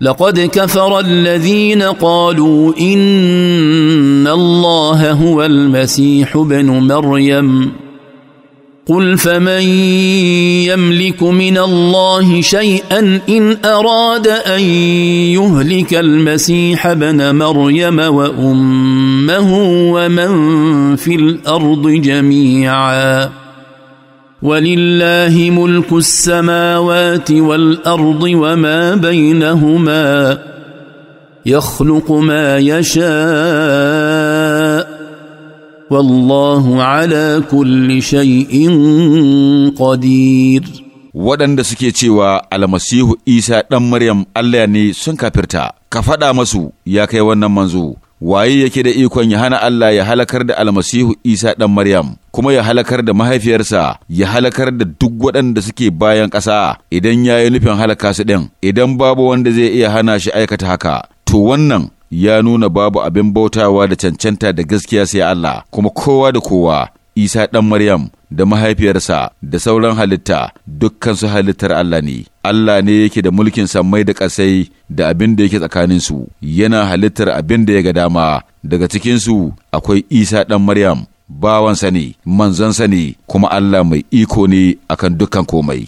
لقد كفر الذين قالوا ان الله هو المسيح بن مريم قل فمن يملك من الله شيئا ان اراد ان يهلك المسيح بن مريم وامه ومن في الارض جميعا ولله ملك السماوات والارض وما بينهما يخلق ما يشاء والله على كل شيء قدير waɗanda suke cewa almasihu isa ɗan maryam allah ne sun kafirta ka faɗa masu ya kai wannan manzo waye yake da ikon ya hana Allah ya halakar da almasihu Isa ɗan Maryam, kuma ya halakar da mahaifiyarsa, ya halakar da duk waɗanda suke bayan ƙasa idan ya yi nufin halaka su ɗin, idan babu wanda zai iya hana shi aikata haka, to wannan ya nuna babu abin bautawa da cancanta da gaskiya sai Allah, kuma kowa da kowa, Isa ɗan Maryam da mahaifiyarsa da sauran halitta dukkansu halittar Allah ne. Allah ne yake da mulkin sammai da ƙasai da abin da yake tsakaninsu, yana halittar abin da ya ga dama daga cikinsu akwai Isa ɗan Maryam, bawansa ne, manzansa ne, kuma Allah mai iko ne akan dukkan komai.